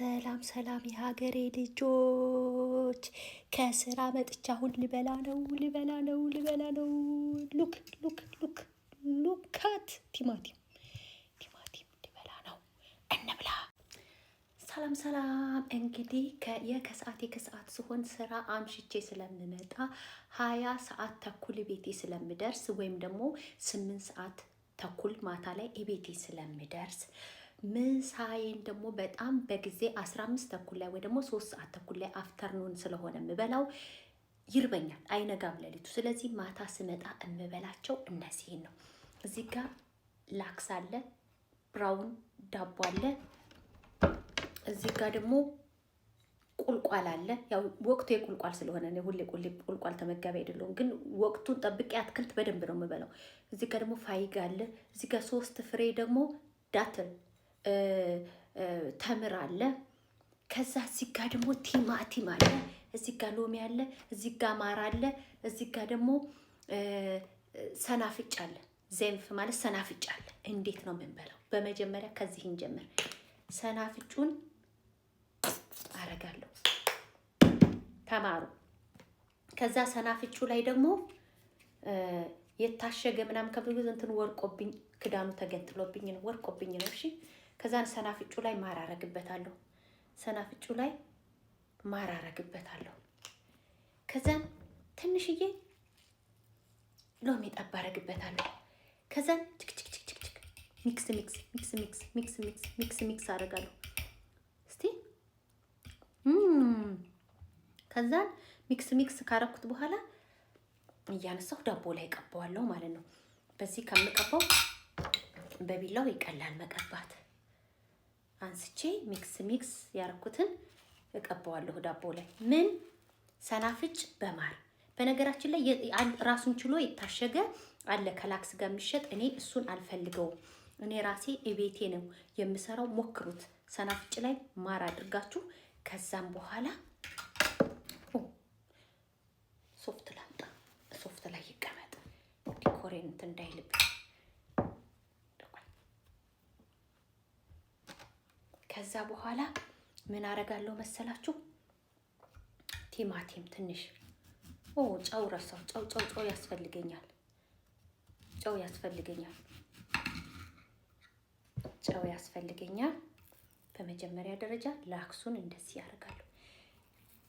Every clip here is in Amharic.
ሰላም ሰላም የሀገሬ ልጆች፣ ከስራ መጥቻ አሁን ልበላ ነው ልበላ ነው ልበላ ነው። ሉክ ሉክ ሉክ ሉካት ቲማቲም ቲማቲም ልበላ ነው እንብላ። ሰላም ሰላም። እንግዲህ የከሰዓት የከሰዓት ሲሆን ስራ አምሽቼ ስለምመጣ ሀያ ሰዓት ተኩል ቤቴ ስለምደርስ ወይም ደግሞ ስምንት ሰዓት ተኩል ማታ ላይ ቤቴ ስለምደርስ ምሳዬን ደግሞ በጣም በጊዜ አስራ ተኩል ላይ ወይ ደግሞ ሶስት ሰዓት ተኩል ላይ አፍተርኑን ስለሆነ የምበላው ይርበኛል፣ አይነጋም ለሊቱ። ስለዚህ ማታ ስመጣ የምበላቸው እነዚህን ነው። እዚህ ጋር ላክስ አለ፣ ብራውን ዳቦ አለ። እዚህ ጋር ደግሞ ቁልቋል አለ። ያው ወቅቱ የቁልቋል ስለሆነ ነው። ሁሌ ቁልቋል ተመጋቢ አይደለሁም፣ ግን ወቅቱን ጠብቄ አትክልት በደንብ ነው የምበላው። እዚህ ጋር ደግሞ ፋይግ አለ። እዚህ ጋር ሶስት ፍሬ ደግሞ ዳትል ተምር አለ። ከዛ እዚህ ጋ ደግሞ ቲማቲም አለ። እዚህ ጋ ሎሚ አለ። እዚህ ጋ ማር አለ። እዚህ ጋ ደግሞ ሰናፍጭ አለ። ዘንፍ ማለት ሰናፍጭ አለ። እንዴት ነው የምንበላው? በመጀመሪያ ከዚህ እንጀምር። ሰናፍጩን አረጋለሁ። ተማሩ። ከዛ ሰናፍጩ ላይ ደግሞ የታሸገ ምናምን ከብዙ እንትን ወርቆብኝ ክዳኑ ተገንጥሎብኝ ነው ወርቆብኝ ነው። እሺ ከዛን ሰናፍጩ ላይ ማር አረግበታለሁ። ሰናፍጩ ላይ ማር አረግበታለሁ። ከዛን ትንሽዬ ሎሚ ጠብ አረግበታለሁ። ከዛን ችክችክችክችክ ሚክስ ሚክስ ሚክስ ሚክስ ሚክስ ሚክስ ሚክስ ሚክስ አረጋለሁ። እስቲ ከዛን ሚክስ ሚክስ ካረኩት በኋላ እያነሳሁ ዳቦ ላይ ቀባዋለሁ ማለት ነው። በዚህ ከምቀባው በቢላው ይቀላል መቀባት። አንስቼ ሚክስ ሚክስ ያረኩትን እቀባዋለሁ ዳቦ ላይ ምን ሰናፍጭ በማር በነገራችን ላይ ራሱን ችሎ የታሸገ አለ ከላክስ ጋር የሚሸጥ እኔ እሱን አልፈልገውም እኔ ራሴ እቤቴ ነው የምሰራው ሞክሩት ሰናፍጭ ላይ ማር አድርጋችሁ ከዛም በኋላ ሶፍት ላምጣ ሶፍት ላይ ይቀመጥ ዲኮሬንት እንዳይልብ ከዛ በኋላ ምን አረጋለሁ መሰላችሁ? ቲማቲም ትንሽ ኦ ጨው ረሳው። ጨው ጨው ጨው ያስፈልገኛል። ጨው ያስፈልገኛል። ጨው ያስፈልገኛል። በመጀመሪያ ደረጃ ላክሱን እንደዚህ ያደርጋለሁ።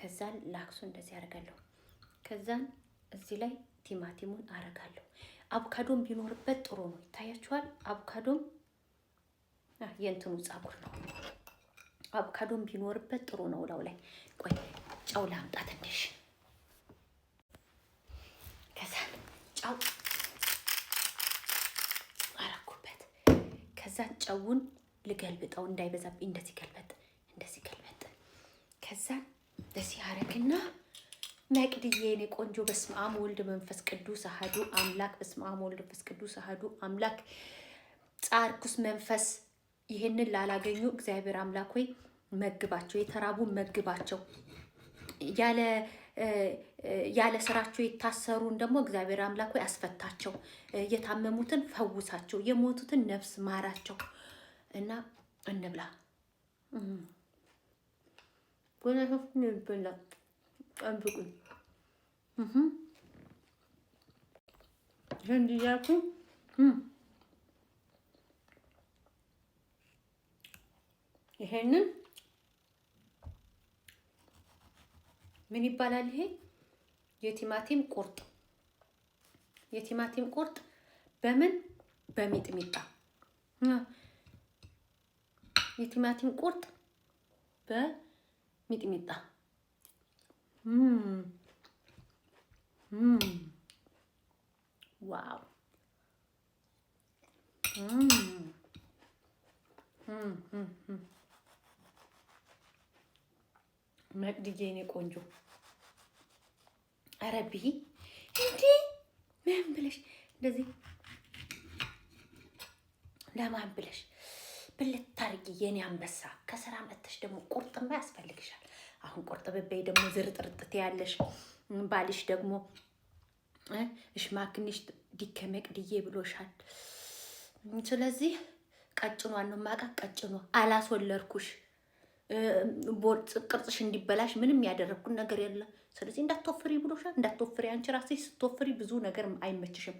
ከዛን ላክሱን እንደዚህ ያደርጋለሁ። ከዛን እዚህ ላይ ቲማቲሙን አረጋለሁ። አቮካዶም ቢኖርበት ጥሩ ነው። ይታያችኋል። አቮካዶም የእንትኑ ጸጉር ነው። አቮካዶም ቢኖርበት ጥሩ ነው። ላው ላይ ቆይ ጨው ላምጣ ትንሽ። ከዛ ጨው አረኩበት። ከዛ ጨውን ልገልብጠው እንዳይበዛብኝ፣ እንደዚህ ገልበጥ፣ እንደዚህ ገልበጥ። ከዛ እንደዚህ አረግና መቅድዬ የኔ ቆንጆ በስመ አብ ወልድ መንፈስ ቅዱስ አህዱ አምላክ። በስመ አብ ወልድ መንፈስ ቅዱስ አህዱ አምላክ ጻርኩስ መንፈስ ይህንን ላላገኙ እግዚአብሔር አምላክ ሆይ መግባቸው፣ የተራቡ መግባቸው፣ ያለ ስራቸው የታሰሩን ደግሞ እግዚአብሔር አምላክ ሆይ አስፈታቸው፣ የታመሙትን ፈውሳቸው፣ የሞቱትን ነፍስ ማራቸው እና እንብላ ጠብቁኝ ይሄንን ምን ይባላል? ይሄ የቲማቲም ቁርጥ የቲማቲም ቁርጥ በምን በሚጥሚጣ የቲማቲም ቁርጥ በሚጥሚጣ ዋው መቅድዬ የኔ ቆንጆ አረብይ እንዲ ምን ብለሽ እንደዚህ ለማን ብለሽ ብልታርጊ የኔ አንበሳ። ከስራ መጥተሽ ደግሞ ቁርጥማ ያስፈልግሻል። አሁን ቁርጥ ብበይ ደግሞ ዝርጥርጥት ያለሽ ባልሽ ደግሞ እሽማክንሽ ዲከ መቅድዬ ብሎሻል። ስለዚህ ቀጭኗን ነው ማቃ ቀጭኗ አላስወለድኩሽ ቦርጭ ቅርጽሽ እንዲበላሽ ምንም ያደረግኩን ነገር የለም። ስለዚህ እንዳትወፍሪ ብሎሻል። እንዳትወፍሪ አንቺ ራስሽ ስትወፍሪ ብዙ ነገር አይመችሽም።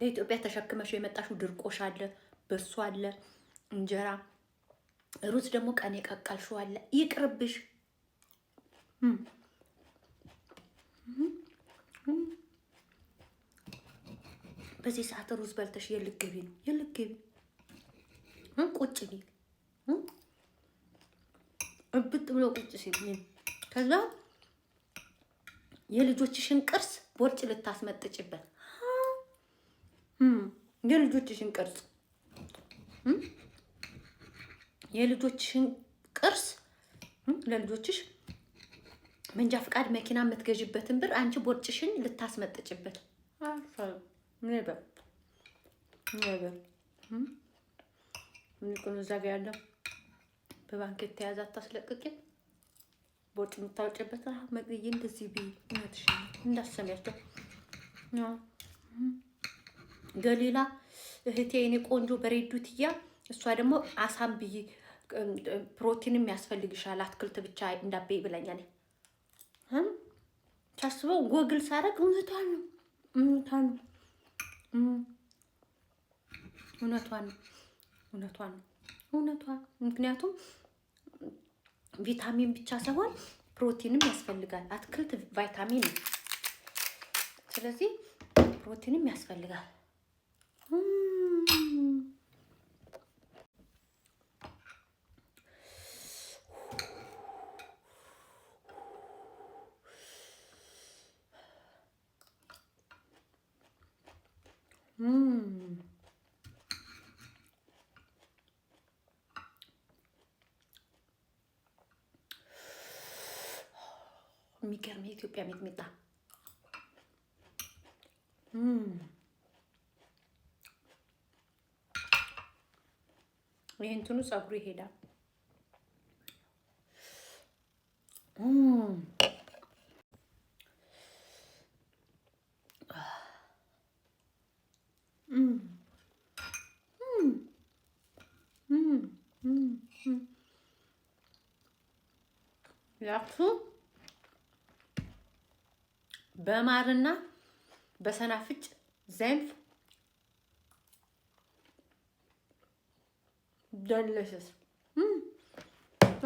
በኢትዮጵያ ተሸክመሽ የመጣሽው ድርቆሽ አለ፣ ብርሱ አለ፣ እንጀራ ሩዝ ደግሞ ቀን የቀቀልሽው አለ። ይቅርብሽ። በዚህ ሰዓት ሩዝ በልተሽ የልግቢ ነው የልግቢ ቁጭ ቢል እብጥ ብሎ ቁጭ ሲል ከዛ የልጆችሽን ቅርስ ቦርጭ ልታስመጥጭበት የልጆችሽን ቅርስ የልጆችሽን ቅርስ ለልጆችሽ መንጃ ፈቃድ መኪና የምትገዥበትን ብር አንቺ ቦርጭሽን ልታስመጥጭበት ምን ይበል ምን ይበል ምን ይቆም እዛ ጋ ያለው በባንክ የተያዘ አታስለቅቄ ቦጭ የምታወጭበት መቅዬ እንደዚህ ቢ እውነትሽ እንዳሰሚያቸው ገሊላ እህቴ የኔ ቆንጆ በሬዱትያ እሷ ደግሞ አሳም ብይ ፕሮቲንም ያስፈልግሻል አትክልት ብቻ እንዳቤ ብለኛል። ሳስበው ጎግል ሳረግ እውነቷን ነው እውነቷን ነው። እውነቷን እውነቷን እውነቷ። ምክንያቱም ቪታሚን ብቻ ሳይሆን ፕሮቲንም ያስፈልጋል። አትክልት ቫይታሚን ነው። ስለዚህ ፕሮቲንም ያስፈልጋል። 음. የሚገርም የኢትዮጵያ ሚጥሚጣ ይህ እንትኑ ጸጉሩ ይሄዳል። ላፍቱ በማርና በሰናፍጭ ዘንፍ ደለሽስ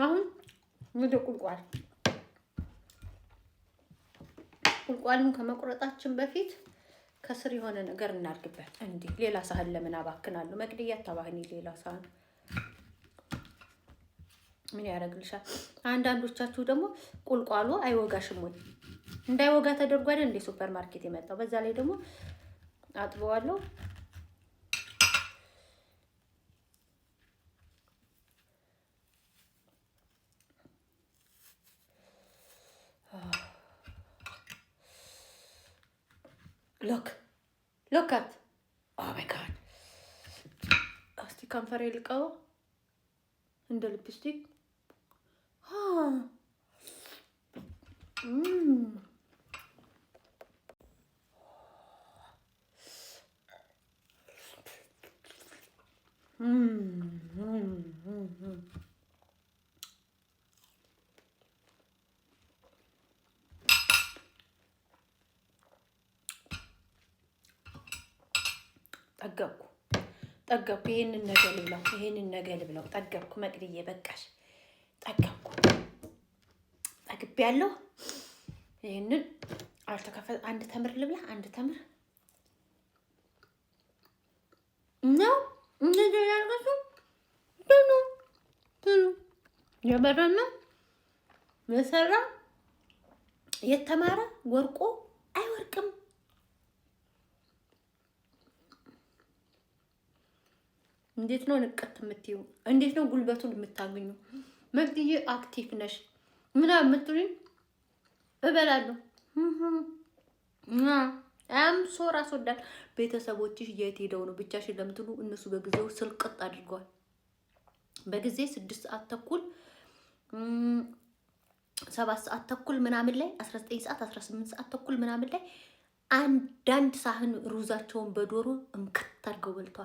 አሁን ወደ ቁልቋል ቁልቋሉን ከመቁረጣችን በፊት ከስር የሆነ ነገር እናድርግበት። እንዲህ ሌላ ሳህን ለምን አባክናለሁ? መቅደያ አታባህኒ ሌላ ሳህን ምን ያደርግልሻል? አንዳንዶቻችሁ ደግሞ ቁልቋሉ አይወጋሽም ወይ? እንዳይወጋ ተደርጎ አይደል እንደ ሱፐር ማርኬት የመጣው። በዛ ላይ ደግሞ አጥበዋለሁ። ሎክ ሎካት ኦ ማይ ጋድ ከንፈሬ ልቀው እንደ ልፕስቲክ ጠገብኩ ጠገብኩ። ይሄንን ነገር ይህንን ይሄንን ነገር ልብላው። ጠገብኩ መቅድዬ፣ በቃሽ። ጠገብኩ። ጠግቤ ያለው ይህንን አልተከፈ አንድ ተምር ልብላ፣ አንድ ተምር ነው እንደዚህ ያልቀሱ ብሉ ብሉ። የበረመ የሰራ የተማረ ወርቆ አይወርቅም። እንዴት ነው ንቀት የምትይው? እንዴት ነው ጉልበቱን የምታገኙ? መግድዬ አክቲቭ ነሽ ምና ምትሉኝ እበላለሁ። አም ሶ ራስ ወዳድ ቤተሰቦችሽ የት ሄደው ነው ብቻሽን ለምትሉ እነሱ በጊዜው ስልቅጥ አድርገዋል። በጊዜ ስድስት ሰዓት ተኩል ሰባት ሰዓት ተኩል ምናምን ላይ አስራ ዘጠኝ ሰዓት አስራ ስምንት ሰዓት ተኩል ምናምን ላይ አንዳንድ ሳህን ሩዛቸውን በዶሮ እምከት አድርገው በልተዋል።